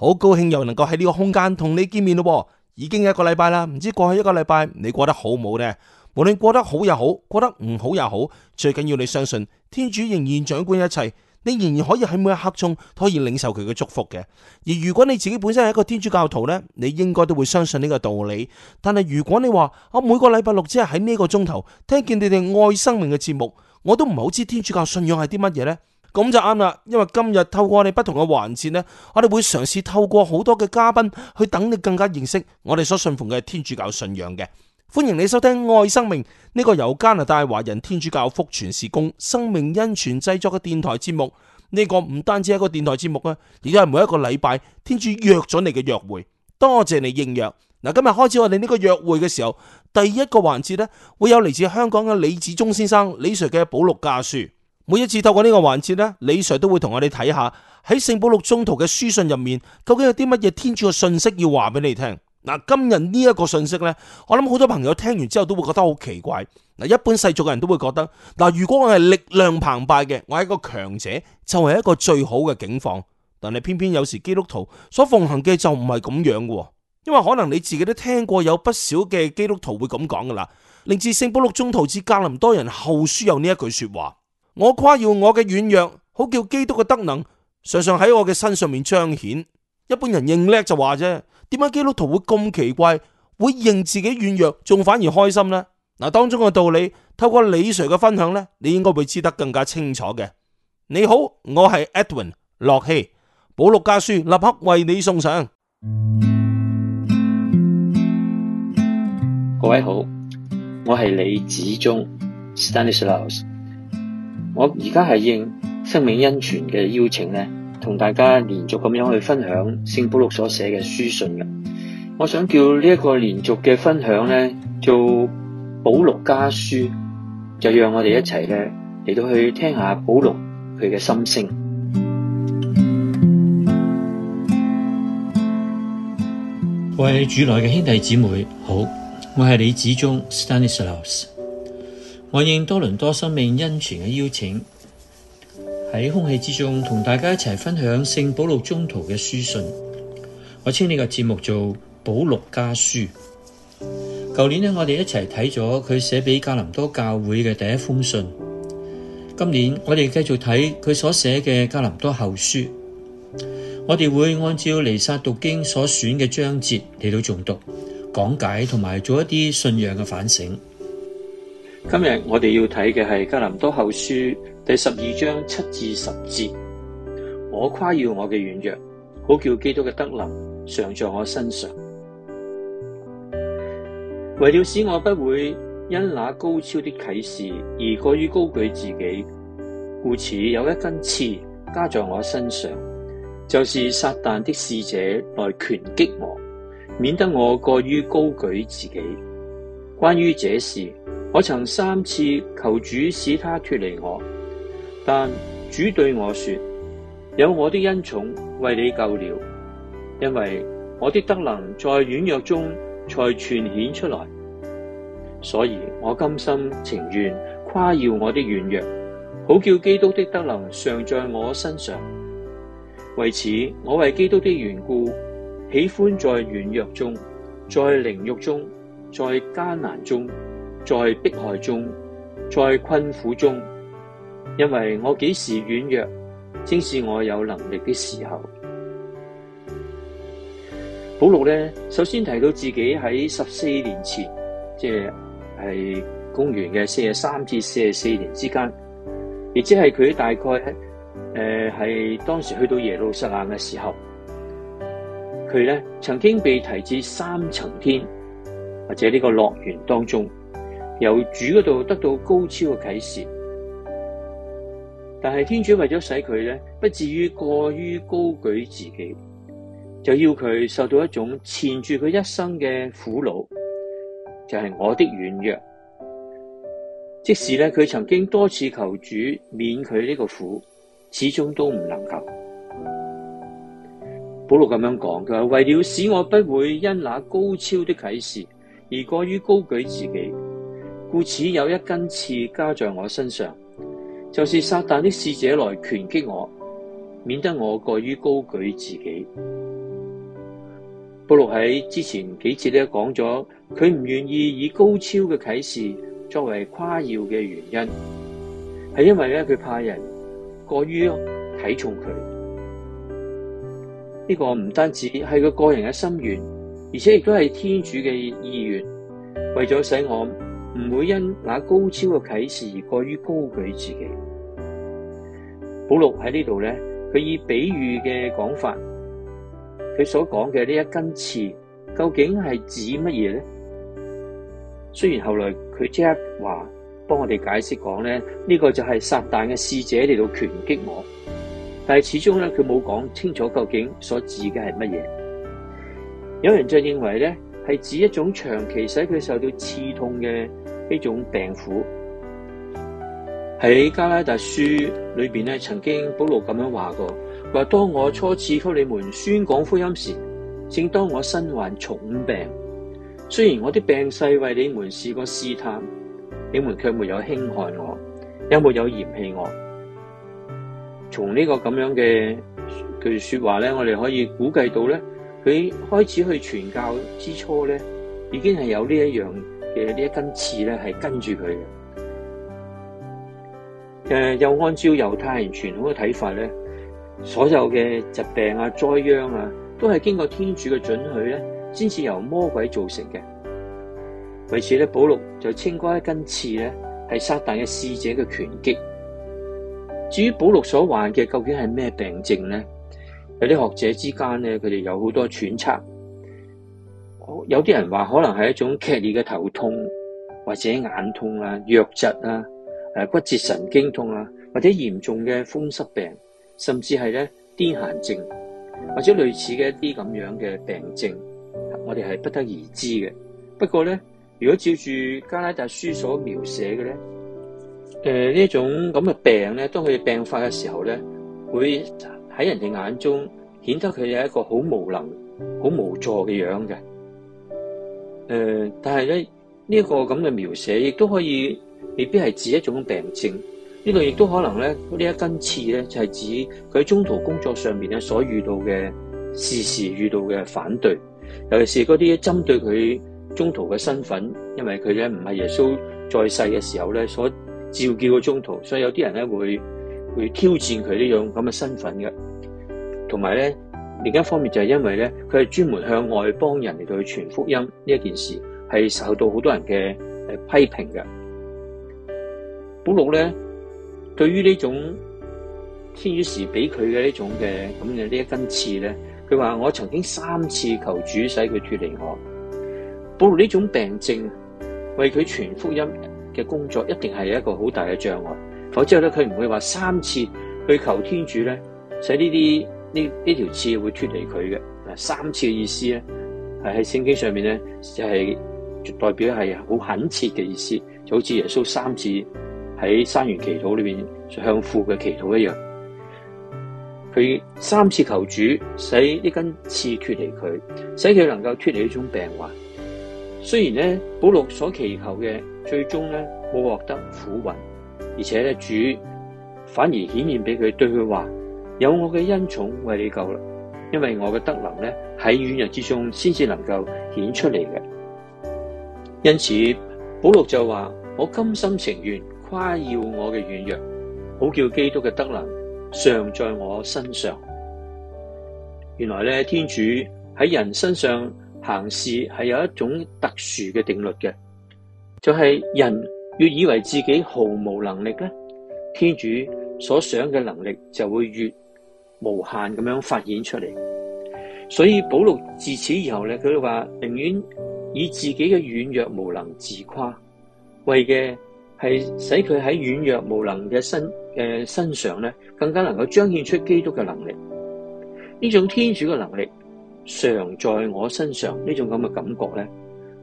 好高興又能夠喺呢個空間同你見面咯，已經一個禮拜啦，唔知過去一個禮拜你過得好唔好呢？無論過得好又好，過得唔好也好，最緊要你相信天主仍然掌管一切，你仍然可以喺每一刻中可以領受佢嘅祝福嘅。而如果你自己本身係一個天主教徒呢，你應該都會相信呢個道理。但係如果你話我每個禮拜六只係喺呢個鐘頭聽見你哋愛生命嘅節目，我都唔係好知天主教信仰係啲乜嘢呢。咁就啱啦，因為今日透過我哋不同嘅環節呢，我哋會嘗試透過好多嘅嘉賓去等你更加認識我哋所信奉嘅天主教信仰嘅。歡迎你收聽《愛生命》呢個由加拿大華人天主教福傳事工生命恩傳製作嘅電台節目。呢個唔單止係一個電台節目啊，亦都係每一個禮拜天主約咗你嘅約會。多謝你應約。嗱，今日開始我哋呢個約會嘅時候，第一個環節呢，會有嚟自香港嘅李子忠先生李 Sir 嘅保祿家書。每一次透過呢個環節咧，李 Sir 都會同我哋睇下喺聖保祿宗徒嘅書信入面，究竟有啲乜嘢天主嘅信息要話俾你聽？嗱，今日呢一個信息咧，我諗好多朋友聽完之後都會覺得好奇怪。嗱，一般世俗嘅人都會覺得，嗱，如果我係力量澎湃嘅，我係一個強者，就係、是、一個最好嘅境況。但係偏偏有時基督徒所奉行嘅就唔係咁樣嘅，因為可能你自己都聽過有不少嘅基督徒會咁講噶啦，令至聖保祿宗徒致格林多人後書有呢一句說話。我誇耀我嘅軟弱，好叫基督嘅德能常常喺我嘅身上面彰顯。一般人認叻就話啫，點解基督徒會咁奇怪，會認自己軟弱，仲反而開心呢？嗱，當中嘅道理，透過李 Sir 嘅分享咧，你應該會知得更加清楚嘅。你好，我係 Edwin，樂器，保祿家書立刻為你送上。各位好，我係李子忠我而家係應生命恩泉嘅邀請咧，同大家連續咁樣去分享聖保祿所寫嘅書信嘅。我想叫呢一個連續嘅分享咧，做保祿家書，就讓我哋一齊咧嚟到去聽下保祿佢嘅心聲。我係主內嘅兄弟姊妹好，我係李子忠 Stanislaus。我應多倫多生命恩泉嘅邀請，喺空氣之中同大家一齊分享聖保禄宗徒嘅書信。我稱呢個節目做《保禄家書》。舊年呢，我哋一齊睇咗佢寫畀格林多教會嘅第一封信。今年我哋繼續睇佢所寫嘅格林多後書。我哋會按照彌撒讀經所選嘅章節嚟到誦讀、講解同埋做一啲信仰嘅反省。今日我哋要睇嘅係《格林多後書》第十二章七至十節。我誇耀我嘅軟弱，好叫基督嘅德能常在我身上。為了使我不會因那高超的啟示而過於高舉自己，故此有一根刺加在我身上，就是撒旦的使者來拳擊我，免得我過於高舉自己。關於這事。我曾三次求主使他脫離我，但主對我說：有我的恩寵為你夠了，因為我的德能在軟弱中才全顯出來。所以我甘心情願誇耀我的軟弱，好叫基督的德能常在我身上。為此，我為基督的緣故，喜歡在軟弱中、在凌辱中、在艱難中。在迫害中，在困苦中，因為我幾時軟弱，正是我有能力的時候。保祿咧，首先提到自己喺十四年前，即係係公元嘅四十三至四十四年之間，亦即係佢大概誒係、呃、當時去到耶路撒冷嘅時候，佢咧曾經被提至三層天或者呢個樂園當中。由主嗰度得到高超嘅啟示，但係天主為咗使佢咧，不至於過於高舉自己，就要佢受到一種纏住佢一生嘅苦惱，就係、是、我的軟弱。即使咧，佢曾經多次求主免佢呢個苦，始終都唔能夠。保羅咁樣講，佢話為了使我不會因那高超的啟示而過於高舉自己。故此有一根刺加在我身上，就是撒旦的使者來拳擊我，免得我過於高舉自己。保祿喺之前幾節咧講咗，佢唔願意以高超嘅啟示作為誇耀嘅原因，係因為咧佢怕人過於睇重佢。呢、這個唔單止係佢個人嘅心願，而且亦都係天主嘅意願，為咗使我。唔會因那高超嘅啟示而過於高舉自己。保禄喺呢度咧，佢以比喻嘅講法，佢所講嘅呢一根刺，究竟係指乜嘢咧？雖然後來佢即刻話幫我哋解釋講咧，呢個就係撒旦嘅使者嚟到拳擊我，但係始終咧佢冇講清楚究竟所指嘅係乜嘢。有人就認為咧。係指一種長期使佢受到刺痛嘅呢種病苦。喺加拉達書裏邊咧，曾經保羅咁樣話過：話當我初次給你們宣講福音時，正當我身患重病，雖然我啲病勢為你們試過試探，你們卻沒有輕看我，有沒有，有嫌棄我。從呢個咁樣嘅句說話咧，我哋可以估計到咧。佢開始去傳教之初咧，已經係有呢一樣嘅呢一根刺咧，係跟住佢嘅。誒，又按照猶太人傳統嘅睇法咧，所有嘅疾病啊、災殃啊，都係經過天主嘅准許咧，先至由魔鬼造成嘅。為此咧，保祿就稱嗰一根刺咧係撒旦嘅使者嘅拳擊。至於保祿所患嘅究竟係咩病症咧？有啲學者之間咧，佢哋有好多揣測，有啲人話可能係一種劇烈嘅頭痛，或者眼痛啊、瘧疾啊、誒骨折神經痛啊，或者嚴重嘅風濕病，甚至係咧癲癇症，或者類似嘅一啲咁樣嘅病症，我哋係不得而知嘅。不過咧，如果照住加拉太書所描寫嘅咧，誒、呃、呢種咁嘅病咧，當佢哋病發嘅時候咧，會。喺人哋眼中，顯得佢係一個好無能、好無助嘅樣嘅。誒、呃，但係咧呢一、呢個咁嘅描寫，亦都可以未必係指一種病症。呢度亦都可能咧呢呢一根刺咧，就係、是、指佢喺中途工作上面咧所遇到嘅時時遇到嘅反對，尤其是嗰啲針對佢中途嘅身份，因為佢咧唔係耶穌在世嘅時候咧所召叫嘅中途，所以有啲人咧會。佢挑戰佢呢種咁嘅身份嘅，同埋咧，另一方面就係因為咧，佢係專門向外邦人嚟到去傳福音呢一件事，係受到好多人嘅誒批評嘅。保祿咧，對於呢種天主時俾佢嘅呢種嘅咁嘅呢一根刺咧，佢話我曾經三次求主使佢脫離我。保祿呢種病症，為佢傳福音嘅工作，一定係一個好大嘅障礙。否則咧，佢唔會話三次去求天主咧，使呢啲呢呢條刺會脫離佢嘅。啊，三次嘅意思咧，係喺聖經上面咧就係代表係好懇切嘅意思，就好似耶穌三次喺山園祈禱裏邊向父嘅祈禱一樣。佢三次求主，使呢根刺脫離佢，使佢能夠脫離呢種病患。雖然咧，保祿所祈求嘅最終咧冇獲得俯允。而且咧，主反而顯現俾佢，對佢話，有我嘅恩寵為你夠啦，因為我嘅德能咧喺軟弱之中先至能夠顯出嚟嘅。因此，保祿就話：我甘心情願誇耀我嘅軟弱，好叫基督嘅德能常在我身上。原來咧，天主喺人身上行事係有一種特殊嘅定律嘅，就係、是、人。越以為自己毫無能力咧，天主所想嘅能力就會越無限咁樣發展出嚟。所以保祿自此以後咧，佢話寧願以自己嘅軟弱無能自誇，為嘅係使佢喺軟弱無能嘅身誒、呃、身上咧，更加能夠彰顯出基督嘅能力。呢種天主嘅能力常在我身上呢種咁嘅感覺咧，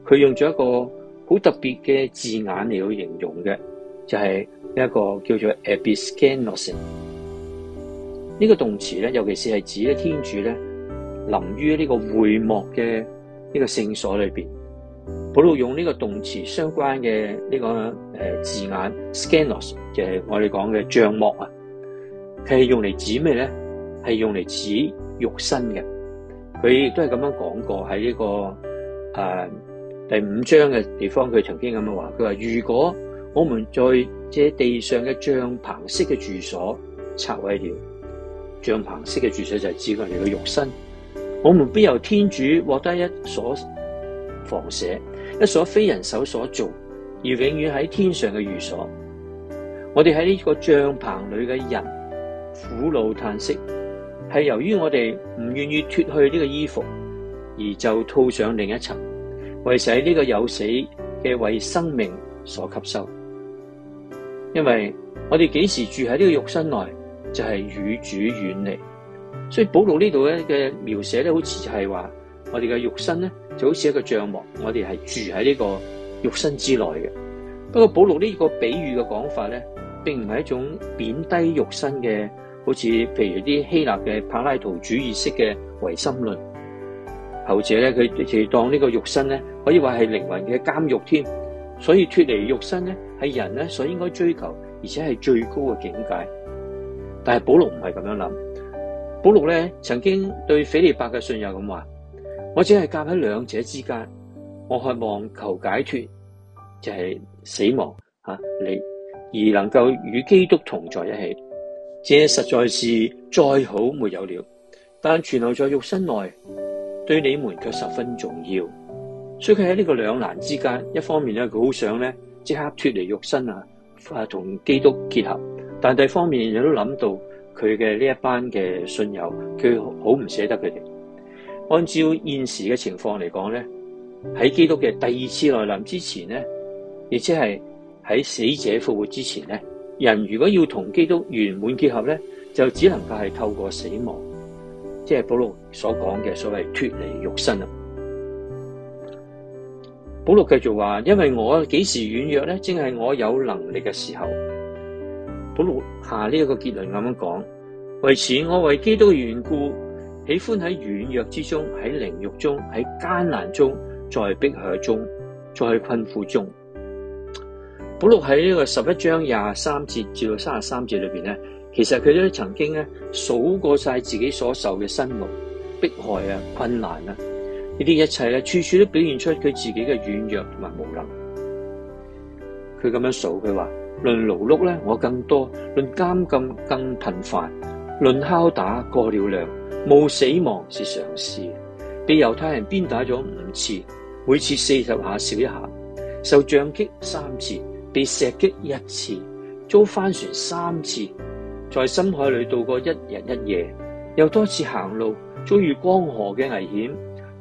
佢用咗一個。好特別嘅字眼嚟去形容嘅，就係、是、一個叫做 episkenos。呢、這個動詞咧，尤其是係指咧天主咧臨於呢個會幕嘅呢個聖所裏面。保羅用呢個動詞相關嘅呢、這個、呃、字眼 skenos，就係我哋講嘅帳幕啊。佢係用嚟指咩咧？係用嚟指肉身嘅。佢亦都係咁樣講過喺呢、這個誒。呃第五章嘅地方，佢曾經咁樣話，佢話如果我們在這地上嘅帳篷式嘅住所拆毀了，帳篷式嘅住所就係指佢哋嘅肉身，我們必由天主獲得一所房舍，一所非人手所做而永遠喺天上嘅寓所。我哋喺呢個帳篷裏嘅人苦惱嘆息，係由於我哋唔願意脱去呢個衣服，而就套上另一層。為使呢個有死嘅，為生命所吸收，因為我哋幾時住喺呢個肉身內，就係與主遠離。所以保祿呢度咧嘅描寫咧，好似就係話我哋嘅肉身咧，就好似一個帳幕，我哋係住喺呢個肉身之內嘅。不過保祿呢個比喻嘅講法咧，並唔係一種貶低肉身嘅，好似譬如啲希臘嘅柏拉圖主義式嘅唯心論，後者咧佢就當呢個肉身咧。可以話係靈魂嘅監獄添，所以脫離肉身咧，係人咧所應該追求而且係最高嘅境界。但係保羅唔係咁樣諗，保羅咧曾經對斐理伯嘅信友咁話：我只係夾喺兩者之間，我渴望求解脫，就係、是、死亡吓、啊、而能夠與基督同在一起，這實在是再好沒有了。但存留在肉身內，對你們卻十分重要。所以佢喺呢個兩難之間，一方面咧佢好想咧即刻脫離肉身啊，啊同基督結合，但第另一方面亦都諗到佢嘅呢一班嘅信友，佢好唔捨得佢哋。按照現時嘅情況嚟講咧，喺基督嘅第二次來臨之前咧，亦即係喺死者復活之前咧，人如果要同基督圓滿結合咧，就只能夠係透過死亡，即係保羅所講嘅所謂脫離肉身啦。保祿繼續話：因為我幾時軟弱咧，正係我有能力嘅時候。保祿下呢一個結論咁樣講，為此我為基督嘅緣故，喜歡喺軟弱之中，喺凌辱中，喺艱難中，在逼害中，在困苦中。保祿喺呢個十一章廿三節至到三十三節裏邊咧，其實佢都曾經咧數過晒自己所受嘅辛勞、迫害啊、困難啊。呢啲一切咧、啊，處處都表現出佢自己嘅軟弱同埋無能。佢咁樣數，佢話：論勞碌咧，我更多；論監禁更頻繁，論敲打過了量，冒死亡是常事。被猶太人鞭打咗五次，每次四十下少一下；受杖擊三次，被石擊一次，遭翻船三次，在深海裏度過一日一夜，又多次行路，遭遇江河嘅危險。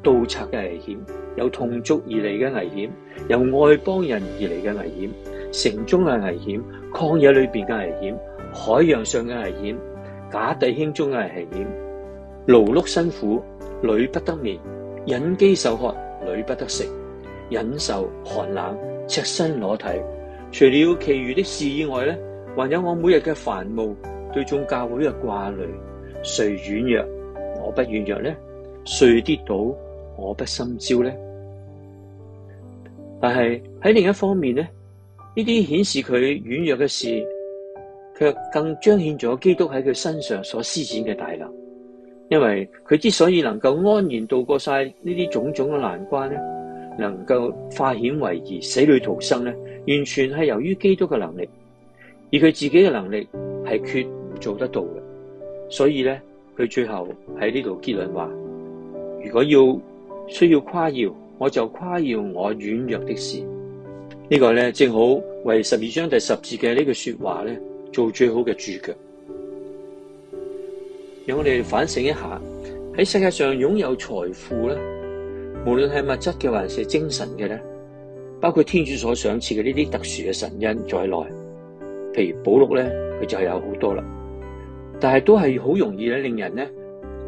盜賊嘅危險，有同族而嚟嘅危險，由外邦人而嚟嘅危險，城中嘅危險，曠野裏邊嘅危險，海洋上嘅危險，假弟兄中嘅危險，勞碌辛苦，屢不得眠，忍飢受渴，屢不得食，忍受寒冷，赤身裸體。除了其餘的事以外咧，還有我每日嘅繁務，對眾教會嘅掛慮。誰軟弱，我不軟弱咧；誰跌倒，我不心焦咧，但係喺另一方面呢，呢啲顯示佢軟弱嘅事，卻更彰顯咗基督喺佢身上所施展嘅大能。因為佢之所以能夠安然度過晒呢啲種種嘅難關咧，能夠化險為夷、死裏逃生咧，完全係由於基督嘅能力，而佢自己嘅能力係決唔做得到嘅。所以咧，佢最後喺呢度結論話：如果要需要誇耀，我就誇耀我軟弱的事。這個、呢個咧，正好為十二章第十節嘅呢句說話咧，做最好嘅注腳。讓我哋反省一下，喺世界上擁有財富咧，無論係物質嘅還是精神嘅咧，包括天主所賞賜嘅呢啲特殊嘅神恩在內，譬如保祿咧，佢就係有好多啦，但係都係好容易咧，令人咧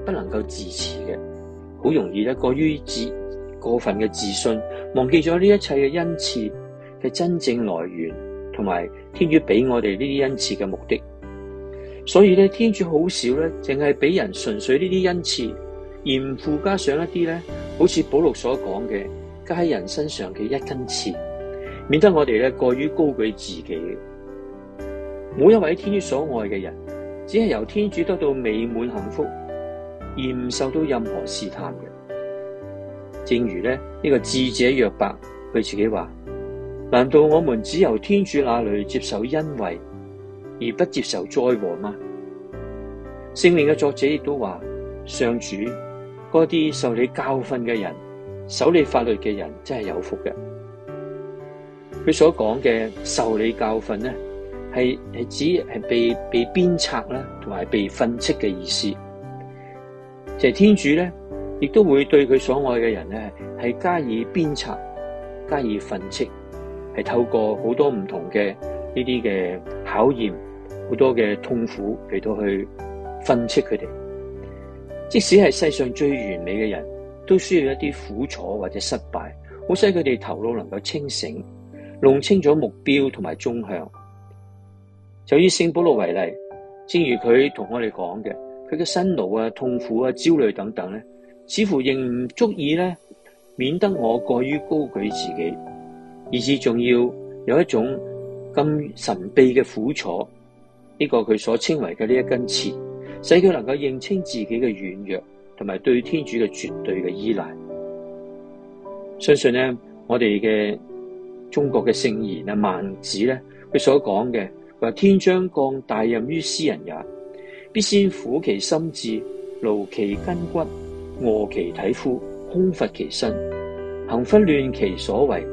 不能夠自持嘅。好容易咧過於自過分嘅自信，忘記咗呢一切嘅恩賜嘅真正來源，同埋天主俾我哋呢啲恩賜嘅目的。所以咧，天主好少咧，淨係俾人純粹呢啲恩賜，而唔附加上一啲咧，好似保祿所講嘅，加喺人身上嘅一根刺，免得我哋咧過於高舉自己。每一位天主所愛嘅人，只係由天主得到美滿幸福。而唔受到任何試探嘅，正如咧呢、這個智者約伯，佢自己話：難道我們只由天主那裡接受恩惠，而不接受災禍嗎？聖靈嘅作者亦都話：上主，嗰啲受你教訓嘅人，守你法律嘅人，真係有福嘅。佢所講嘅受你教訓咧，係係指係被被鞭策啦，同埋被訓斥嘅意思。就係天主咧，亦都會對佢所愛嘅人咧，係加以鞭策，加以訓斥，係透過好多唔同嘅呢啲嘅考驗，好多嘅痛苦嚟到去訓斥佢哋。即使係世上最完美嘅人，都需要一啲苦楚或者失敗，好使佢哋頭腦能夠清醒，弄清咗目標同埋中向。就以聖保羅為例，正如佢同我哋講嘅。佢嘅辛勞啊、痛苦啊、焦慮等等咧，似乎仍唔足以咧，免得我過於高舉自己，而至仲要有一種咁神秘嘅苦楚，呢、這個佢所稱為嘅呢一根刺，使佢能夠認清自己嘅軟弱，同埋對天主嘅絕對嘅依賴。相信咧，我哋嘅中國嘅聖賢啊、孟子咧，佢所講嘅話，天將降大任於斯人也。必先苦其心志，勞其筋骨，餓其體膚，空乏其身，行拂亂其所為。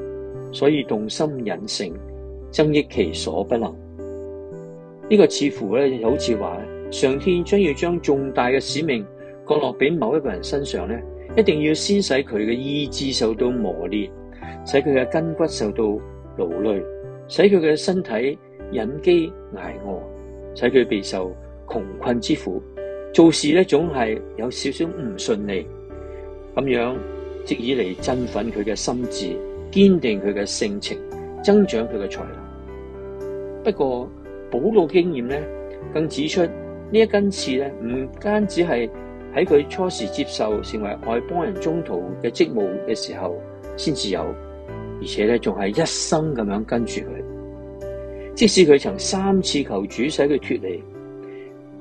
所以動心忍性，增益其所不能。呢個似乎咧好似話上天將要將重大嘅使命降落俾某一個人身上咧，一定要先使佢嘅意志受到磨練，使佢嘅筋骨受到勞累，使佢嘅身體忍飢捱餓，使佢備受。窮困之苦，做事咧總係有少少唔順利，咁樣即以嚟，振奮佢嘅心智，堅定佢嘅性情，增長佢嘅才能。不過保羅經驗咧，更指出呢一根刺咧，唔單止係喺佢初時接受成為外邦人中途嘅職務嘅時候先至有，而且咧仲係一生咁樣跟住佢，即使佢曾三次求主使佢脫離。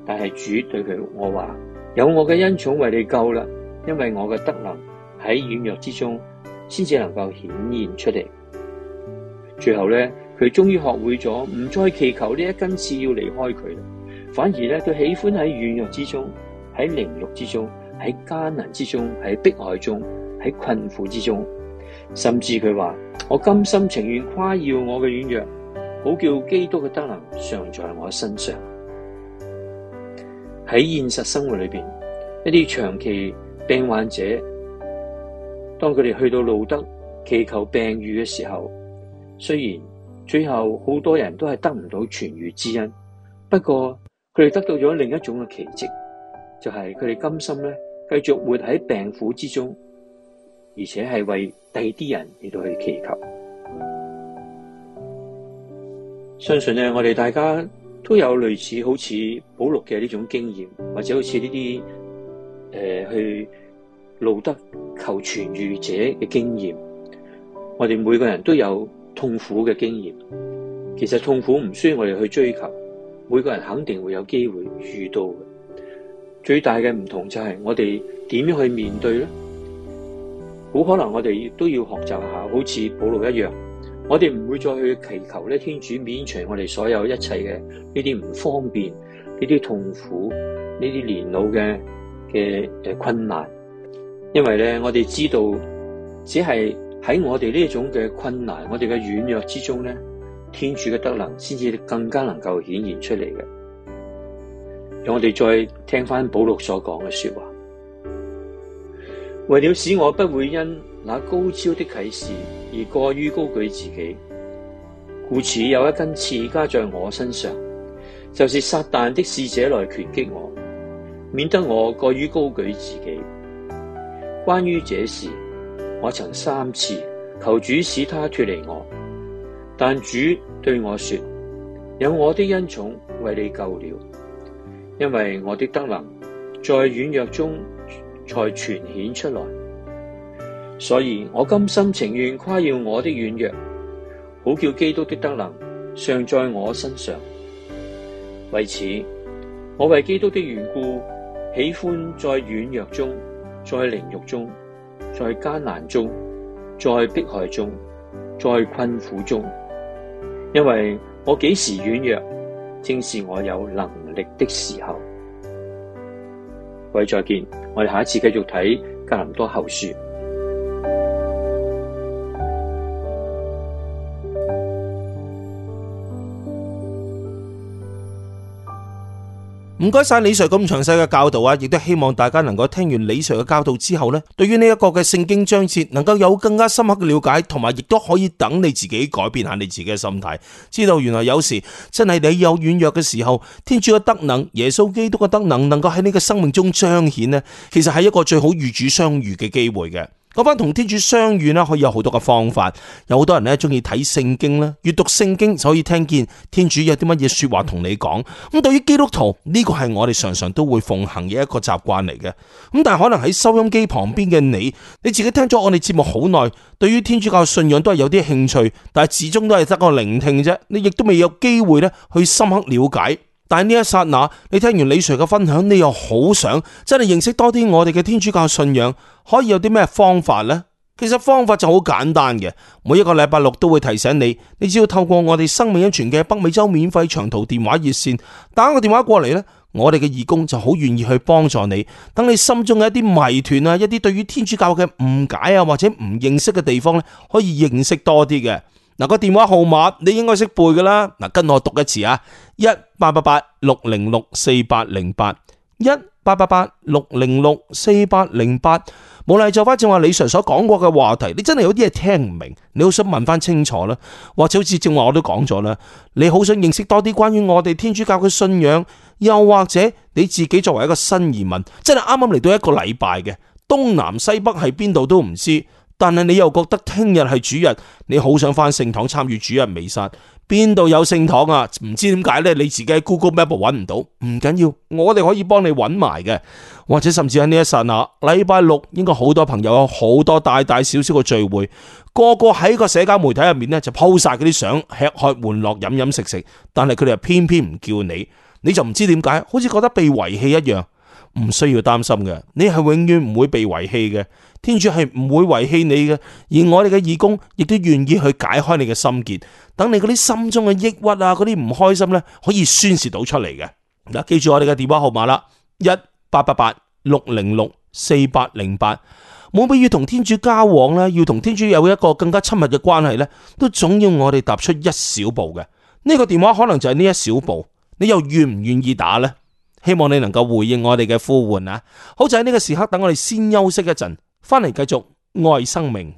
但係主對佢我話，有我嘅恩寵為你夠啦，因為我嘅德能喺軟,軟弱之中，先至能夠顯現出嚟。最後咧，佢終於學會咗，唔再祈求呢一根刺要離開佢啦，反而咧，佢喜歡喺軟弱之中，喺凌辱之中，喺艱難之中，喺迫害中，喺困苦之中，甚至佢話我甘心情願誇耀我嘅軟弱，好叫基督嘅德能常在我身上。喺現實生活裏邊，一啲長期病患者，當佢哋去到路德祈求病癒嘅時候，雖然最後好多人都係得唔到痊愈之恩，不過佢哋得到咗另一種嘅奇蹟，就係佢哋甘心咧繼續活喺病苦之中，而且係為第二啲人嚟到去祈求。相信咧，我哋大家。都有類似好似保祿嘅呢種經驗，或者好似呢啲誒去路德求痊愈者嘅經驗，我哋每個人都有痛苦嘅經驗。其實痛苦唔需要我哋去追求，每個人肯定會有機會遇到。最大嘅唔同就係我哋點樣去面對咧？好可能我哋都要學習下，好似保祿一樣。我哋唔會再去祈求咧，天主免除我哋所有一切嘅呢啲唔方便、呢啲痛苦、呢啲年老嘅嘅誒困難，因為咧我哋知道，只係喺我哋呢種嘅困難、我哋嘅軟弱之中咧，天主嘅德能先至更加能夠顯現出嚟嘅。讓我哋再聽翻保禄所講嘅說話，為了使我不會因。那高超的啟示而過於高舉自己，故此有一根刺加在我身上，就是撒旦的使者來拳擊我，免得我過於高舉自己。關於這事，我曾三次求主使他脫離我，但主對我說：有我的恩寵為你夠了，因為我的德能在軟弱中才全顯出來。所以我甘心情願誇耀我的軟弱，好叫基督的德能尚在我身上。為此，我為基督的緣故，喜歡在軟弱中，在凌辱中，在艱難中，在迫害中，在困苦中，因為我幾時軟弱，正是我有能力的時候。各位再見，我哋下一次繼續睇《格林多後書》。唔該晒李 Sir 咁詳細嘅教導啊，亦都希望大家能夠聽完李 Sir 嘅教導之後呢，對於呢一個嘅聖經章節能夠有更加深刻嘅了解，同埋亦都可以等你自己改變下你自己嘅心態，知道原來有時真係你有軟弱嘅時候，天主嘅德能、耶穌基督嘅德能，能夠喺你個生命中彰顯呢，其實係一個最好與主相遇嘅機會嘅。嗰班同天主相遇咧，可以有好多嘅方法。有好多人咧中意睇聖經啦，閱讀聖經就可以聽見天主有啲乜嘢說話同你講。咁對於基督徒呢個係我哋常常都會奉行嘅一個習慣嚟嘅。咁但係可能喺收音機旁邊嘅你，你自己聽咗我哋節目好耐，對於天主教嘅信仰都係有啲興趣，但係始終都係得個聆聽啫。你亦都未有機會咧去深刻了解。但係呢一剎那，你聽完李 Sir 嘅分享，你又好想真係認識多啲我哋嘅天主教信仰，可以有啲咩方法呢？其實方法就好簡單嘅，每一個禮拜六都會提醒你，你只要透過我哋生命恩傳嘅北美洲免費長途電話熱線打個電話過嚟呢，我哋嘅義工就好願意去幫助你，等你心中嘅一啲謎團啊，一啲對於天主教嘅誤解啊或者唔認識嘅地方咧，可以認識多啲嘅。嗱、那個電話號碼你應該識背㗎啦，嗱，跟我讀一次啊，一八八八六零六四八零八，一八八八六零六四八零八。無論就翻，正話李 Sir 所講過嘅話題，你真係有啲嘢聽唔明，你好想問翻清楚啦，或者好似正話我都講咗啦，你好想認識多啲關於我哋天主教嘅信仰，又或者你自己作為一個新移民，真係啱啱嚟到一個禮拜嘅，東南西北喺邊度都唔知。但係你又覺得聽日係主日，你好想翻聖堂參與主日彌撒，邊度有聖堂啊？唔知點解呢，你自己喺 Google Map 揾唔到。唔緊要，我哋可以幫你揾埋嘅。或者甚至喺呢一剎那，禮拜六應該好多朋友有好多大大小小嘅聚會，個個喺個社交媒體入面呢，就 po 晒嗰啲相，吃喝玩樂，飲飲食食。但係佢哋又偏偏唔叫你，你就唔知點解，好似覺得被遺棄一樣。唔需要擔心嘅，你係永遠唔會被遺棄嘅。天主係唔會遺棄你嘅，而我哋嘅義工亦都願意去解開你嘅心結，等你嗰啲心中嘅抑鬱啊，嗰啲唔開心咧，可以宣泄到出嚟嘅。嗱，記住我哋嘅電話號碼啦，一八八八六零六四八零八。冇必要同天主交往咧，要同天主有一個更加親密嘅關係咧，都總要我哋踏出一小步嘅。呢個電話可能就係呢一小步，你又願唔願意打呢？希望你能夠回應我哋嘅呼喚啊！好就喺呢個時刻，等我哋先休息一陣。翻嚟繼續愛生命。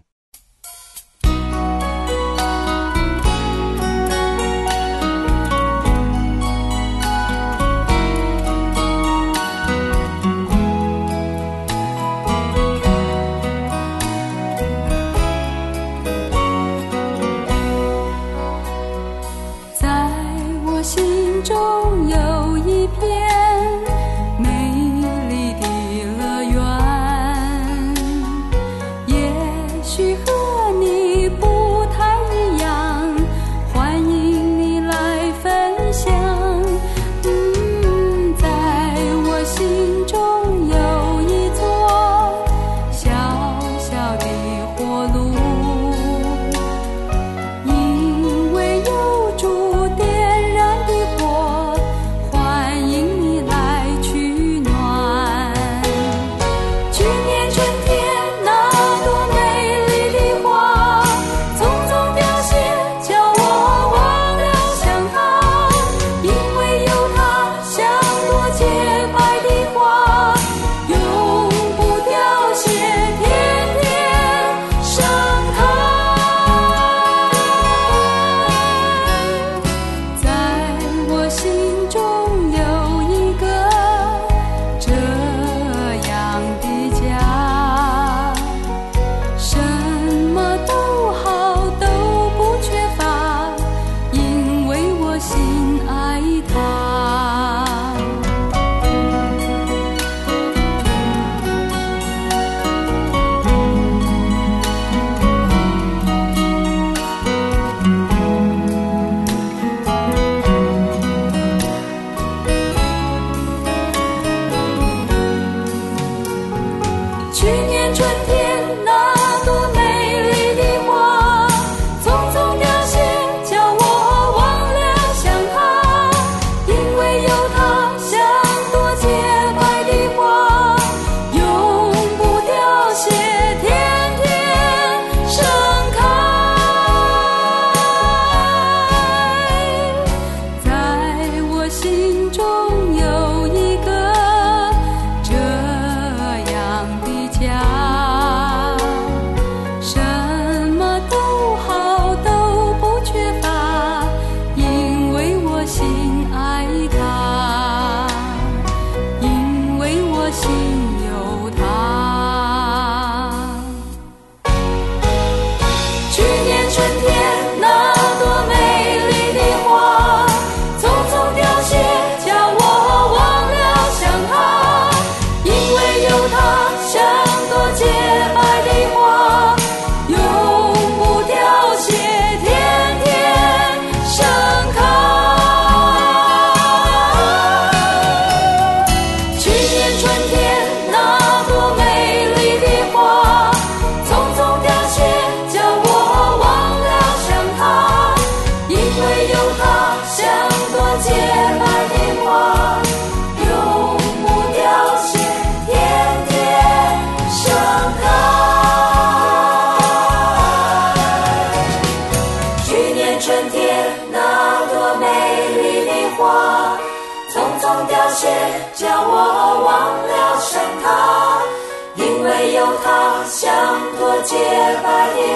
潔白的。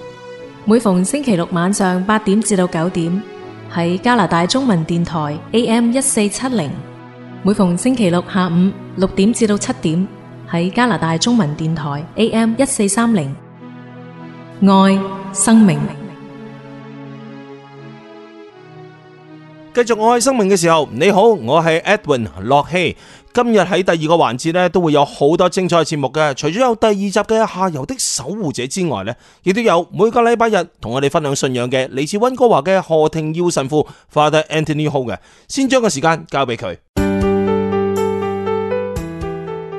每逢星期六晚上八點至到九點，喺加拿大中文電台 AM 一四七零。每逢星期六下午六點至到七點，喺加拿大中文電台 AM 一四三零。愛生命。繼續我喺生命嘅時候，你好，我係 Edwin 洛希。今日喺第二個環節咧，都會有好多精彩節目嘅。除咗有第二集嘅《下游的守護者》之外咧，亦都有每個禮拜日同我哋分享信仰嘅嚟自溫哥華嘅何廷耀神父 Father Anthony Ho 嘅。先將個時間交俾佢。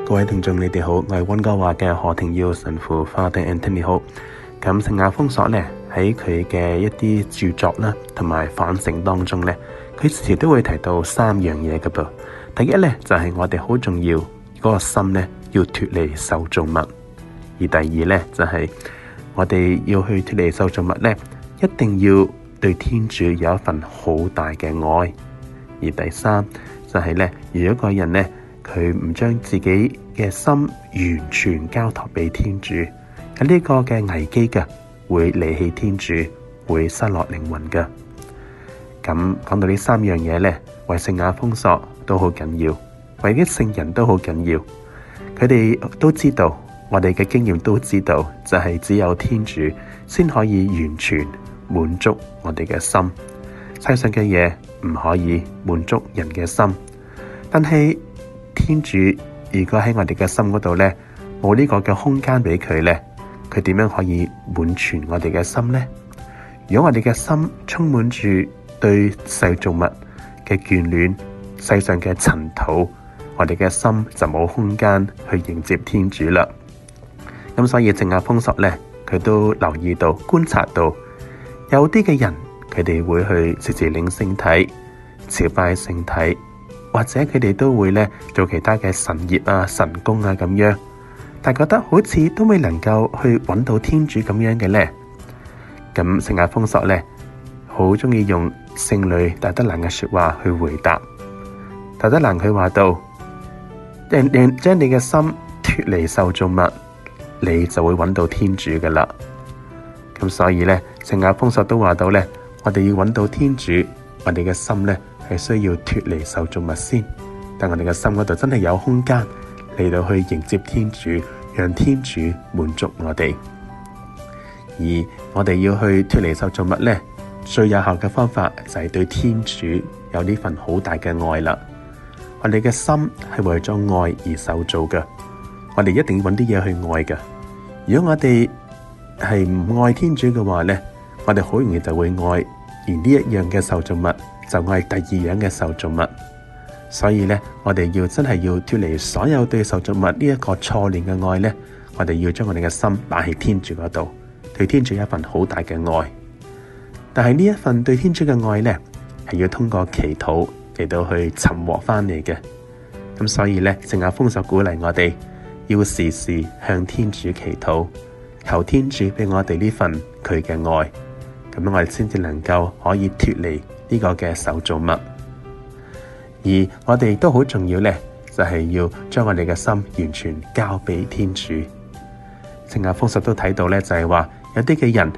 各位聽眾，你哋好，我係溫哥華嘅何廷耀神父 Father Anthony Ho。咁聖亞豐索呢，喺佢嘅一啲著作啦，同埋反省當中咧。佢時時都會提到三樣嘢㗎噃。第一咧就係我哋好重要嗰個心咧，要脫離受造物；而第二咧就係我哋要去脫離受造物咧，一定要對天主有一份好大嘅愛；而第三就係咧，如果一個人咧佢唔將自己嘅心完全交託俾天主，噉呢個嘅危機嘅，會離棄天主，會失落靈魂嘅。咁講到呢三樣嘢呢，為聖雅封鎖都好緊要，為啲聖人都好緊要。佢哋都知道，我哋嘅經驗都知道，就係只有天主先可以完全滿足我哋嘅心。世上嘅嘢唔可以滿足人嘅心，但係天主如果喺我哋嘅心嗰度呢，冇呢個嘅空間俾佢呢，佢點樣可以滿全我哋嘅心呢？如果我哋嘅心充滿住。對世俗物嘅眷戀，世上嘅塵土，我哋嘅心就冇空間去迎接天主啦。咁所以聖亞封索咧，佢都留意到、觀察到有啲嘅人，佢哋會去時時領聖體、朝拜聖體，或者佢哋都會咧做其他嘅神業啊、神功啊咁樣，但係覺得好似都未能夠去揾到天主咁樣嘅咧。咁聖亞封索咧。好鍾意用聖女大德蘭嘅說話去回答，大德蘭佢話到：人人將你嘅心脫離受造物，你就會揾到天主㗎喇。咁所以咧，聖亞封索都話到咧，我哋要揾到天主，我哋嘅心咧係需要脫離受造物先。但係我哋嘅心嗰度真係有空間嚟到去迎接天主，讓天主滿足我哋。而我哋要去脫離受造物咧。最有效嘅方法就係對天主有呢份好大嘅愛啦。我哋嘅心係為咗愛而受造嘅，我哋一定要揾啲嘢去愛嘅。如果我哋係唔愛天主嘅話咧，我哋好容易就會愛而呢一樣嘅受造物，就愛第二樣嘅受造物。所以咧，我哋要真係要脫離所有對受造物呢一個錯亂嘅愛咧，我哋要將我哋嘅心擺喺天主嗰度，對天主有一份好大嘅愛。但係呢一份對天主嘅愛咧，係要通過祈禱嚟到去尋獲翻嚟嘅。咁所以咧，聖亞豐索鼓勵我哋要時時向天主祈禱，求天主俾我哋呢份佢嘅愛。咁樣我哋先至能夠可以脱離呢個嘅受造物。而我哋都好重要咧，就係要將我哋嘅心完全交俾天主。聖亞豐索都睇到咧，就係話有啲嘅人。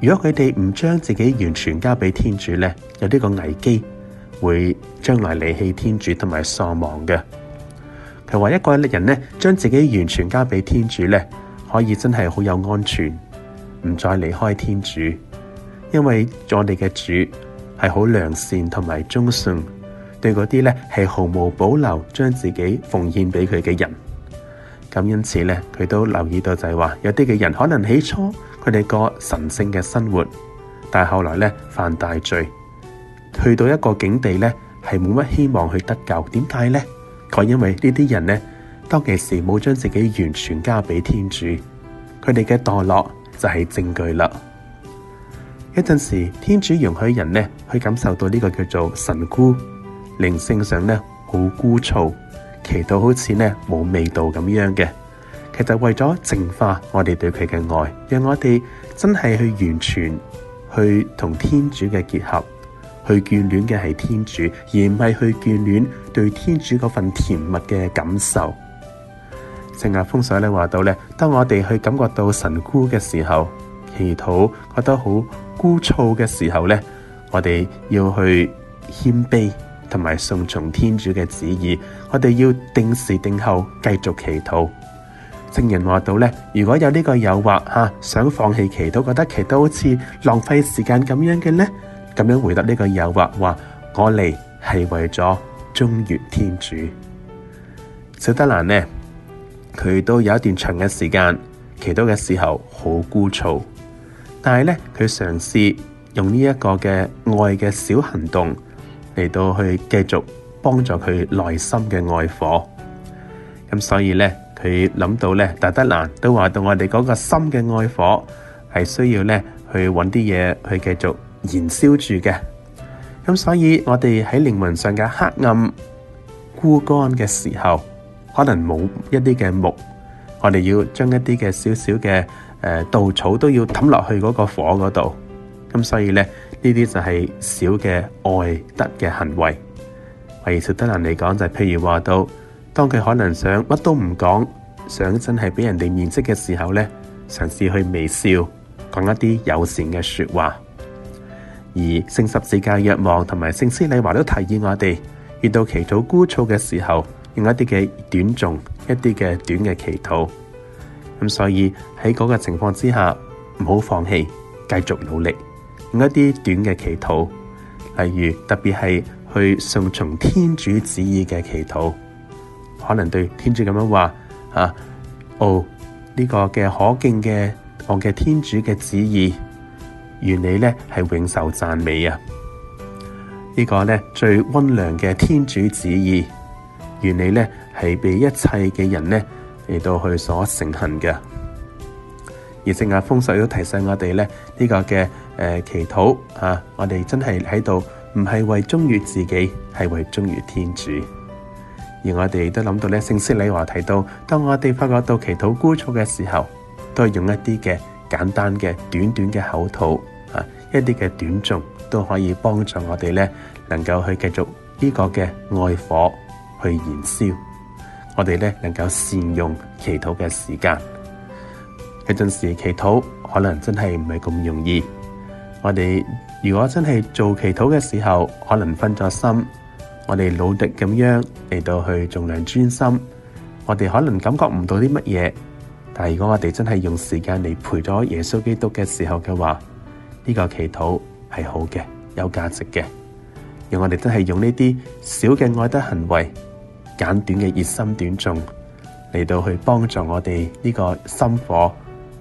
如果佢哋唔將自己完全交俾天主咧，有呢個危機，會將來離棄天主同埋喪亡嘅。佢話一個人咧，將自己完全交俾天主咧，可以真係好有安全，唔再離開天主，因為我哋嘅主係好良善同埋忠誠，對嗰啲咧係毫無保留將自己奉獻俾佢嘅人。咁因此咧，佢都留意到就係話，有啲嘅人可能起初。佢哋過神聖嘅生活，但係後來咧犯大罪，去到一個境地咧係冇乜希望去得救。點解咧？佢因為這些呢啲人咧當其時冇將自己完全交俾天主，佢哋嘅墮落就係證據啦。一陣時，天主容許人咧去感受到呢個叫做神孤，靈性上咧好枯燥，祈禱好似咧冇味道咁樣嘅。其實為咗淨化我哋對佢嘅愛，讓我哋真係去完全去同天主嘅結合，去眷戀嘅係天主，而唔係去眷戀對天主嗰份甜蜜嘅感受。聖亞風水咧話到咧，當我哋去感覺到神孤嘅時候，祈禱覺得好枯燥嘅時候咧，我哋要去謙卑，同埋順從天主嘅旨意，我哋要定時定候繼續祈禱。證人話到咧，如果有呢個誘惑吓，想放棄祈禱，覺得祈禱好似浪費時間咁樣嘅咧，咁樣回答呢個誘惑話：我嚟係為咗中悅天主。小德蘭呢，佢都有一段長嘅時間祈禱嘅時候好枯燥，但係咧佢嘗試用呢一個嘅愛嘅小行動嚟到去繼續幫助佢內心嘅愛火。咁所以咧。佢諗到咧，達德蘭都話到我哋嗰個心嘅愛火係需要咧去揾啲嘢去繼續燃燒住嘅。咁所以我哋喺靈魂上嘅黑暗枯乾嘅時候，可能冇一啲嘅木，我哋要將一啲嘅少少嘅誒稻草都要抌落去嗰個火嗰度。咁所以咧，呢啲就係小嘅愛德嘅行為。而小德蘭嚟講就譬如話到。當佢可能想乜都唔講，想真係俾人哋面色嘅時候咧，嘗試去微笑，講一啲友善嘅說話。而聖十字架若望同埋聖施禮華都提議我哋，遇到祈禱枯燥嘅時候，用一啲嘅短誦，一啲嘅短嘅祈禱。咁所以喺嗰個情況之下，唔好放棄，繼續努力，用一啲短嘅祈禱，例如特別係去順從天主旨意嘅祈禱。可能對天主咁樣話啊，哦呢、這個嘅可敬嘅我嘅天主嘅旨意，願你咧係永受讚美啊！這個、呢個咧最温良嘅天主旨意，願你咧係被一切嘅人咧嚟到去所承行嘅。而正啊，風水都提醒我哋咧呢、這個嘅誒、呃、祈禱啊，我哋真係喺度唔係為忠於自己，係為忠於天主。而我哋都諗到咧，聖施禮華提到，當我哋發覺到祈禱枯燥嘅時候，都係用一啲嘅簡單嘅短短嘅口禱，啊，一啲嘅短誦都可以幫助我哋咧，能夠去繼續呢個嘅愛火去燃燒。我哋咧能夠善用祈禱嘅時間。有陣時祈禱可能真係唔係咁容易。我哋如果真係做祈禱嘅時候，可能分咗心。我哋努力咁樣嚟到去盡量專心，我哋可能感覺唔到啲乜嘢，但係如果我哋真係用時間嚟陪咗耶穌基督嘅時候嘅話，呢個祈禱係好嘅，有價值嘅。而我哋真係用呢啲小嘅愛德行為、簡短嘅熱心短誦嚟到去幫助我哋呢個心火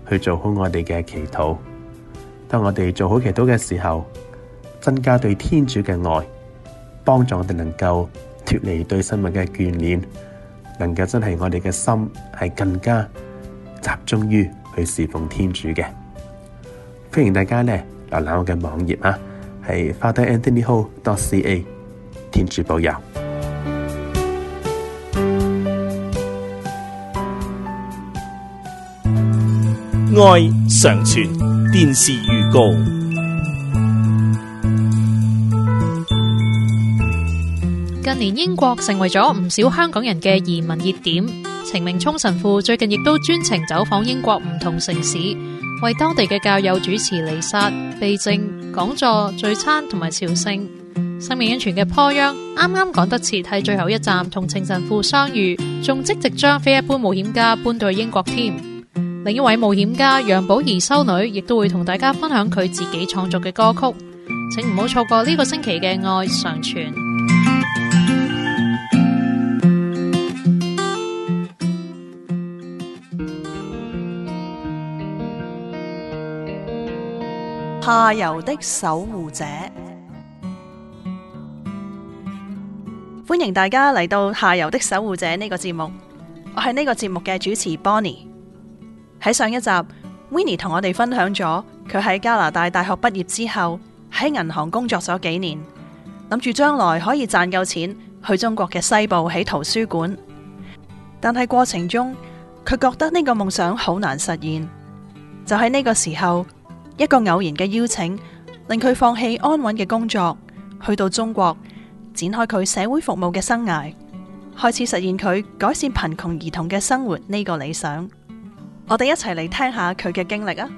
去做好我哋嘅祈禱，當我哋做好祈禱嘅時候，增加對天主嘅愛。幫助我哋能夠脫離對事物嘅眷戀，能夠真係我哋嘅心係更加集中於去侍奉天主嘅。歡迎大家呢瀏覽我嘅網頁啊，係 fatheranthonyho.ca。天主保佑，愛常傳。電視預告。近年英國成為咗唔少香港人嘅移民熱點，程明聰神父最近亦都專程走訪英國唔同城市，為當地嘅教友主持彌撒、避靜、講座、聚餐同埋朝聖。生命安全嘅破央啱啱趕得切，係最後一站，同程神父相遇，仲積極將非一般冒險家搬到英國添。另一位冒險家楊寶儀修女，亦都會同大家分享佢自己創作嘅歌曲，請唔好錯過呢個星期嘅愛常傳。下游的守護者，歡迎大家嚟到《下游的守護者》呢個節目。我係呢個節目嘅主持 Bonnie。喺上一集，Winnie 同我哋分享咗佢喺加拿大大學畢業之後，喺銀行工作咗幾年，諗住將來可以賺夠錢去中國嘅西部起圖書館。但係過程中，佢覺得呢個夢想好難實現。就喺呢個時候。一個偶然嘅邀請，令佢放棄安穩嘅工作，去到中國展開佢社會服務嘅生涯，開始實現佢改善貧窮兒童嘅生活呢個理想。我哋一齊嚟聽下佢嘅經歷啊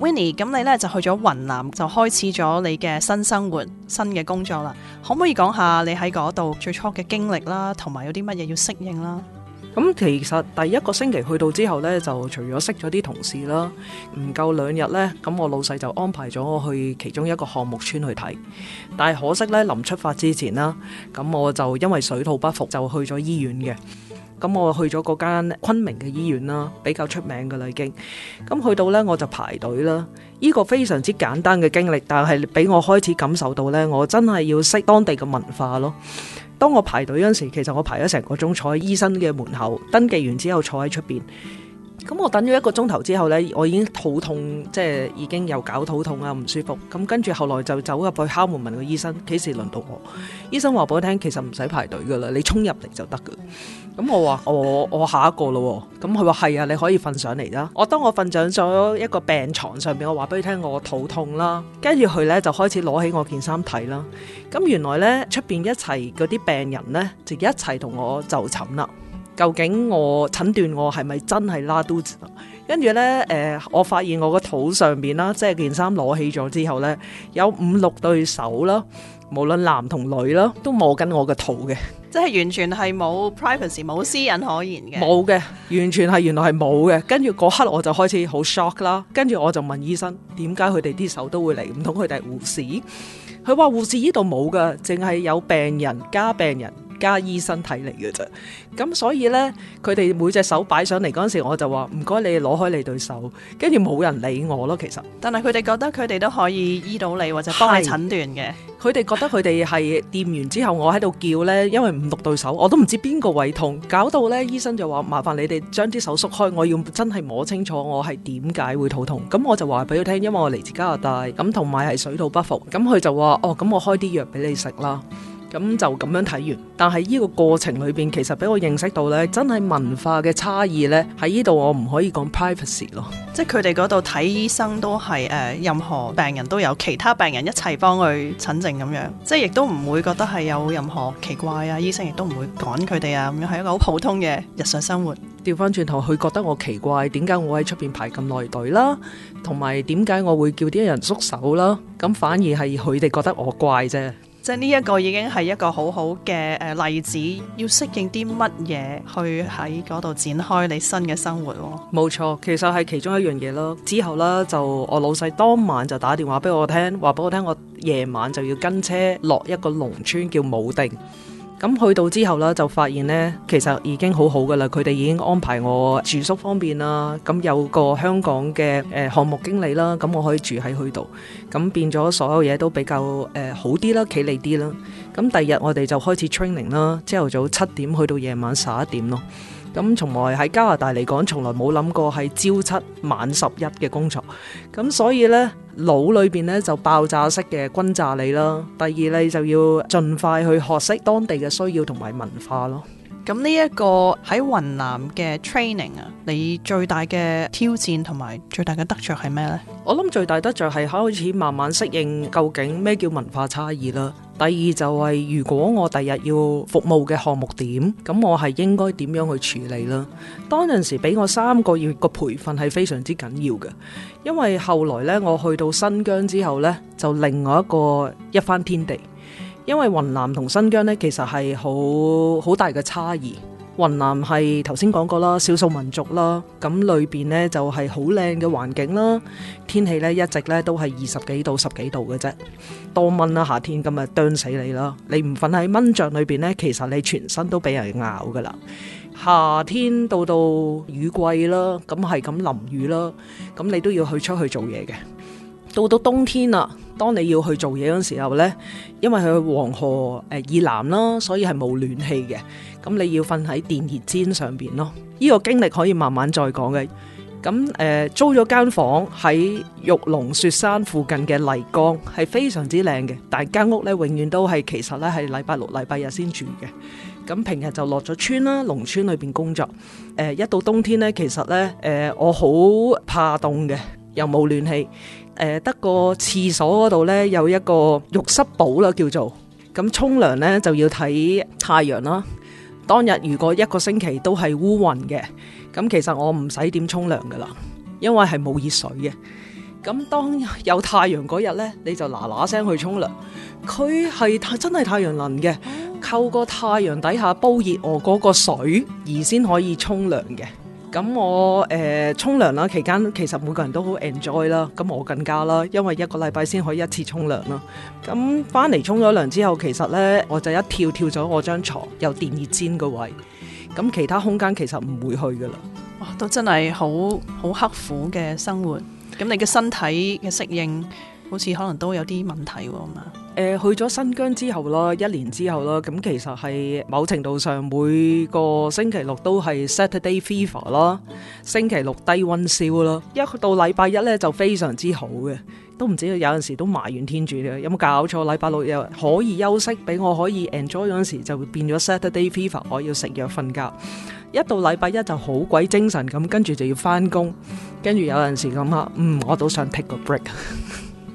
，Winnie，咁你呢就去咗雲南，就開始咗你嘅新生活、新嘅工作啦。可唔可以講下你喺嗰度最初嘅經歷啦，同埋有啲乜嘢要適應啦？咁其實第一個星期去到之後呢，就除咗識咗啲同事啦，唔夠兩日呢，咁我老細就安排咗我去其中一個項目村去睇，但係可惜呢，臨出發之前啦，咁我就因為水土不服就去咗醫院嘅，咁我去咗嗰間昆明嘅醫院啦，比較出名㗎啦已經，咁去到呢我就排隊啦，呢個非常之簡單嘅經歷，但係俾我開始感受到呢，我真係要識當地嘅文化咯。當我排隊嗰陣時，其實我排咗成個鐘坐喺醫生嘅門口，登記完之後坐喺出邊。咁我等咗一個鐘頭之後呢，我已經肚痛，即係已經又搞肚痛啊，唔舒服。咁跟住後來就走入去敲門問個醫生，幾時輪到我？醫生話俾我聽，其實唔使排隊噶啦，你衝入嚟就得噶。咁我話我我下一個咯，咁佢話係啊，你可以瞓上嚟啦。我當我瞓上咗一個病床上邊，我話俾你聽我肚痛啦。跟住佢呢，就開始攞起我件衫睇啦。咁原來呢，出邊一齊嗰啲病人呢，就一齊同我就診啦。究竟我診斷我係咪真係拉肚子？跟住呢，誒、呃，我發現我個肚上邊啦，即係件衫攞起咗之後呢，有五六對手啦，無論男同女啦，都摸緊我個肚嘅，即係完全係冇 privacy 冇私隱可言嘅，冇嘅，完全係原來係冇嘅。跟住嗰刻我就開始好 shock 啦，跟住我就問醫生點解佢哋啲手都會嚟，唔通佢哋係護士？佢話護士呢度冇㗎，淨係有病人加病人加醫生睇嚟嘅啫。咁所以呢，佢哋每隻手擺上嚟嗰陣時，我就話唔該你攞開你對手，跟住冇人理我咯。其實，但係佢哋覺得佢哋都可以醫到你或者幫你診斷嘅。佢哋覺得佢哋係掂完之後，我喺度叫呢，因為五六對手，我都唔知邊個胃痛，搞到呢醫生就話：麻煩你哋將啲手縮開，我要真係摸清楚我係點解會肚痛。咁我就話俾佢聽，因為我嚟自加拿大，咁同埋係水土不服。咁佢就話：哦，咁我開啲藥俾你食啦。咁就咁樣睇完，但係呢個過程裏邊，其實俾我認識到呢，真係文化嘅差異呢。喺呢度我唔可以講 privacy 咯，即係佢哋嗰度睇醫生都係誒、呃，任何病人都有其他病人一齊幫佢診症咁樣，即係亦都唔會覺得係有任何奇怪啊，醫生亦都唔會趕佢哋啊，咁樣係一個好普通嘅日常生活。調翻轉頭，佢覺得我奇怪，點解我喺出邊排咁耐隊啦？同埋點解我會叫啲人縮手啦？咁反而係佢哋覺得我怪啫。即係呢一個已經係一個好好嘅誒例子，要適應啲乜嘢去喺嗰度展開你新嘅生活。冇錯，其實係其中一樣嘢咯。之後啦，就我老細當晚就打電話俾我聽，話俾我聽，我夜晚就要跟車落一個農村叫武定。咁去到之後呢，就發現呢，其實已經好好噶啦。佢哋已經安排我住宿方便啦，咁有個香港嘅誒項目經理啦，咁我可以住喺佢度，咁變咗所有嘢都比較好啲啦，企理啲啦。咁第二日我哋就開始 training 啦，朝頭早七點去到夜晚十一點咯。咁從來喺加拿大嚟講，從來冇諗過係朝七晚十一嘅工作，咁所以呢，腦裏面呢就爆炸式嘅轟炸你啦。第二呢，就要盡快去學識當地嘅需要同埋文化咯。咁呢一個喺雲南嘅 training 啊，你最大嘅挑戰同埋最大嘅得着係咩呢？我諗最大得着係開始慢慢適應究竟咩叫文化差異啦。第二就係如果我第日要服務嘅項目點，咁我係應該點樣去處理啦？當陣時俾我三個月個培訓係非常之緊要嘅，因為後來呢，我去到新疆之後呢，就另外一個一番天地。因為雲南同新疆呢，其實係好好大嘅差異。雲南係頭先講過啦，少數民族啦，咁裏邊呢就係好靚嘅環境啦，天氣呢，一直咧都係二十幾度、十幾度嘅啫，多蚊啦，夏天咁啊叮死你啦！你唔瞓喺蚊帳裏邊呢，其實你全身都俾人咬噶啦。夏天到到雨季啦，咁係咁淋雨啦，咁你都要去出去做嘢嘅。到到冬天啦，當你要去做嘢嗰陣時候呢，因為喺黃河誒、呃、以南啦，所以係冇暖氣嘅，咁你要瞓喺電熱氈上邊咯。呢、這個經歷可以慢慢再講嘅。咁誒、呃、租咗間房喺玉龍雪山附近嘅麗江，係非常之靚嘅。但係間屋呢，永遠都係其實呢，係禮拜六、禮拜日先住嘅。咁平日就落咗村啦，農村裏邊工作。誒、呃，一到冬天呢，其實呢，誒、呃、我好怕凍嘅，又冇暖氣。誒、呃，得個廁所嗰度呢，有一個浴室寶啦，叫做咁沖涼呢，就要睇太陽啦。當日如果一個星期都係烏雲嘅，咁其實我唔使點沖涼噶啦，因為係冇熱水嘅。咁當有太陽嗰日呢，你就嗱嗱聲去沖涼。佢係真係太陽能嘅，透過太陽底下煲熱我嗰個水而先可以沖涼嘅。咁我誒沖涼啦，呃、期間其實每個人都好 enjoy 啦，咁我更加啦，因為一個禮拜先可以一次沖涼啦。咁返嚟沖咗涼之後，其實呢，我就一跳跳咗我張床，有電熱氈個位，咁其他空間其實唔會去㗎喇。哇，都真係好好刻苦嘅生活。咁你嘅身體嘅適應？好似可能都有啲問題喎。咁、嗯、啊、呃，去咗新疆之後啦，一年之後啦，咁其實係某程度上每個星期六都係 Saturday Fever 啦，星期六低溫燒囉。一到禮拜一呢，就非常之好嘅，都唔知有陣時都埋怨天主嘅，有冇搞錯？禮拜六又可以休息，俾我可以 enjoy 嗰陣時就變咗 Saturday Fever，我要食藥瞓覺。一到禮拜一就好鬼精神咁，跟住就要翻工，跟住有陣時咁啊，嗯，我都想 take a break。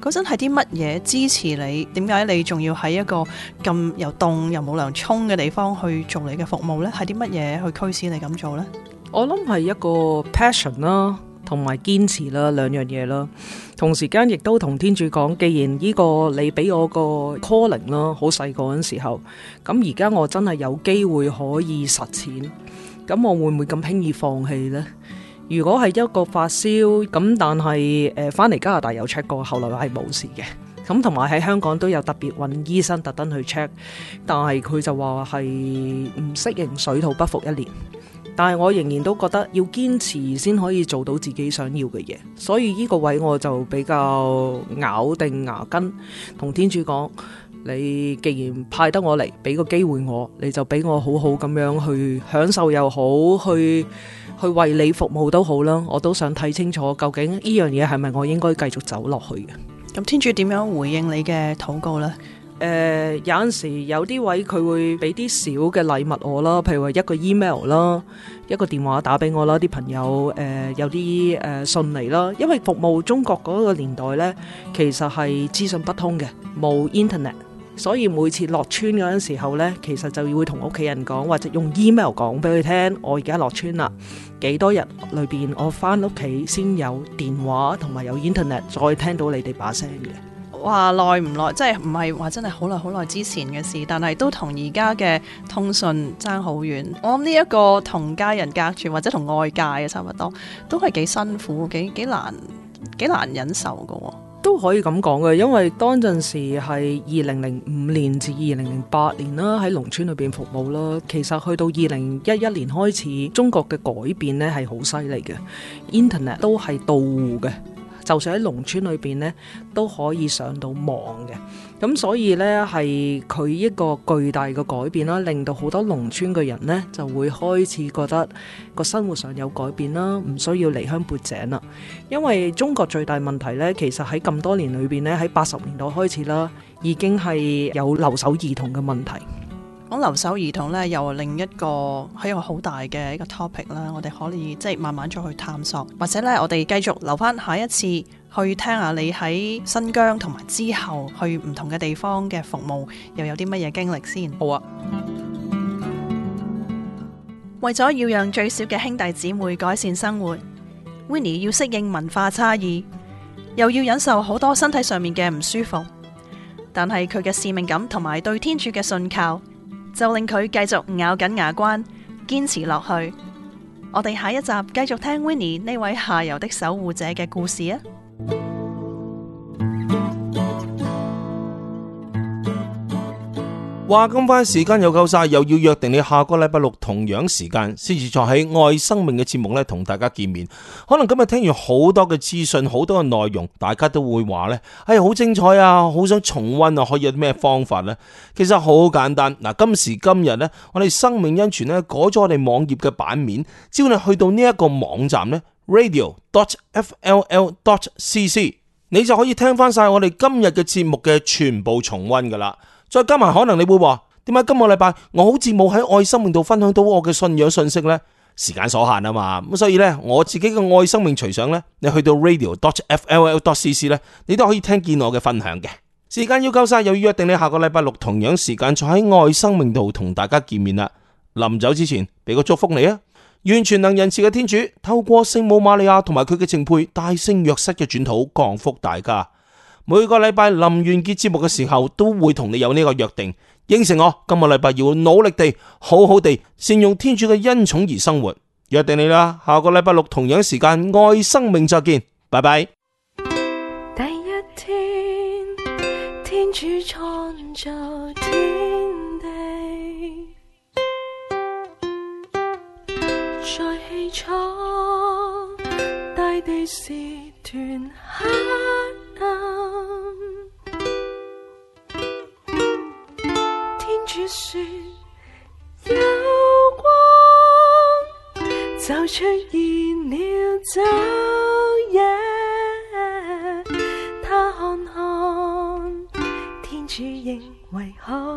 嗰陣係啲乜嘢支持你？點解你仲要喺一個咁又凍又冇涼沖嘅地方去做你嘅服務呢？係啲乜嘢去驅使你咁做呢？我諗係一個 passion 啦，同埋堅持啦，兩樣嘢啦。同時間亦都同天主講，既然呢個你俾我個 calling 啦，好細個嗰陣時候，咁而家我真係有機會可以實踐，咁我會唔會咁輕易放棄呢？」如果係一個發燒咁，但係誒翻嚟加拿大有 check 過，後來係冇事嘅。咁同埋喺香港都有特別揾醫生特登去 check，但係佢就話係唔適應水土不服一年。但係我仍然都覺得要堅持先可以做到自己想要嘅嘢，所以呢個位我就比較咬定牙根同天主講。你既然派得我嚟，俾個機會我，你就俾我好好咁樣去享受又好，去去為你服務都好啦。我都想睇清楚究竟呢樣嘢係咪我應該繼續走落去嘅。咁天主點樣回應你嘅禱告呢？誒、呃，有陣時有啲位佢會俾啲小嘅禮物我啦，譬如話一個 email 啦，一個電話打俾我啦，啲朋友誒、呃、有啲誒信嚟啦。因為服務中國嗰個年代呢，其實係資訊不通嘅，冇 internet。所以每次落村嗰陣時候呢，其實就會同屋企人講，或者用 email 講俾佢聽，我而家落村啦，幾多日裏邊我翻屋企先有電話同埋有 internet，再聽到你哋把聲嘅。哇，耐唔耐？即係唔係話真係好耐好耐之前嘅事？但係都同而家嘅通訊爭好遠。我諗呢一個同家人隔住或者同外界啊，差唔多，都係幾辛苦，幾幾難，幾難忍受嘅喎。都可以咁講嘅，因為當陣時係二零零五年至二零零八年啦，喺農村裏邊服務啦。其實去到二零一一年開始，中國嘅改變咧係好犀利嘅，Internet 都係到戶嘅，就算喺農村裏邊咧，都可以上到網嘅。咁所以呢，係佢一個巨大嘅改變啦，令到好多農村嘅人呢，就會開始覺得個生活上有改變啦，唔需要離鄉背井啦。因為中國最大問題呢，其實喺咁多年裏邊呢，喺八十年代開始啦，已經係有留守兒童嘅問題。講留守兒童呢，又另一個係一個好大嘅一個 topic 啦。我哋可以即係、就是、慢慢再去探索，或者呢，我哋繼續留返下一次。去聽下你喺新疆同埋之後去唔同嘅地方嘅服務，又有啲乜嘢經歷先？好啊！為咗要讓最小嘅兄弟姊妹改善生活，Winnie 要適應文化差異，又要忍受好多身體上面嘅唔舒服，但係佢嘅使命感同埋對天主嘅信靠，就令佢繼續咬緊牙關，堅持落去。我哋下一集繼續聽 Winnie 呢位下游的守護者嘅故事啊！話咁快時間又夠晒，又要約定你下個禮拜六同樣時間，先至坐喺愛生命嘅節目呢。同大家見面。可能今日聽完好多嘅資訊，好多嘅內容，大家都會話呢：「哎，好精彩啊，好想重溫啊，可以有啲咩方法呢？其實好簡單，嗱，今時今日呢，我哋生命恩泉呢，改咗我哋網頁嘅版面，只要你去到呢一個網站呢。radio.dot.fll.dot.cc，你就可以聽翻晒我哋今日嘅節目嘅全部重温噶啦。再加埋可能你會話，點解今個禮拜我好似冇喺愛生命度分享到我嘅信仰信息呢？時間所限啊嘛，咁所以呢我自己嘅愛生命隨想呢，你去到 radio.dot.fll.dot.cc 呢，你都可以聽見我嘅分享嘅。時間要夠晒，又要約定你下個禮拜六同樣時間坐喺愛生命度同大家見面啦。臨走之前俾個祝福你啊！完全能仁慈嘅天主透過聖母瑪利亞同埋佢嘅淨配，大聖若瑟嘅轉禱降福大家。每個禮拜臨完結節目嘅時候，都會同你有呢個約定，應承我今個禮拜要努力地、好好地善用天主嘅恩寵而生活。約定你啦，下個禮拜六同樣時間愛生命再見，拜拜。第一天天主創造天。主初大地是團黑暗，天主説有光，就出現了走夜，他看看天主認為好。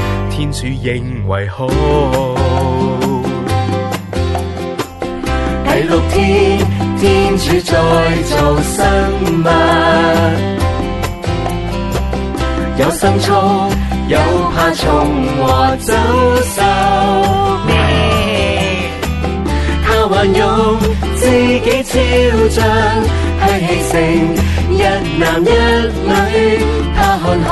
天主認為好。第六天，天主再造生物，有牲畜，有爬蟲和走獸。他還用自己肖像去砌成一男一女，他看看。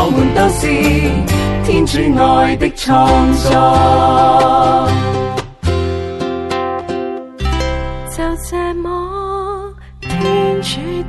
我們都是天主愛的創作，就這麼天主。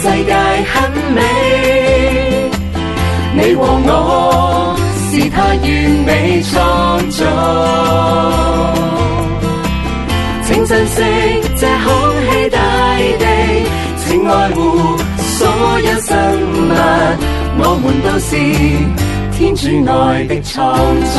世界很美，你和我是他完美創造。請珍惜這空氣、大地，請愛護所有生物，我們都是天主愛的創造。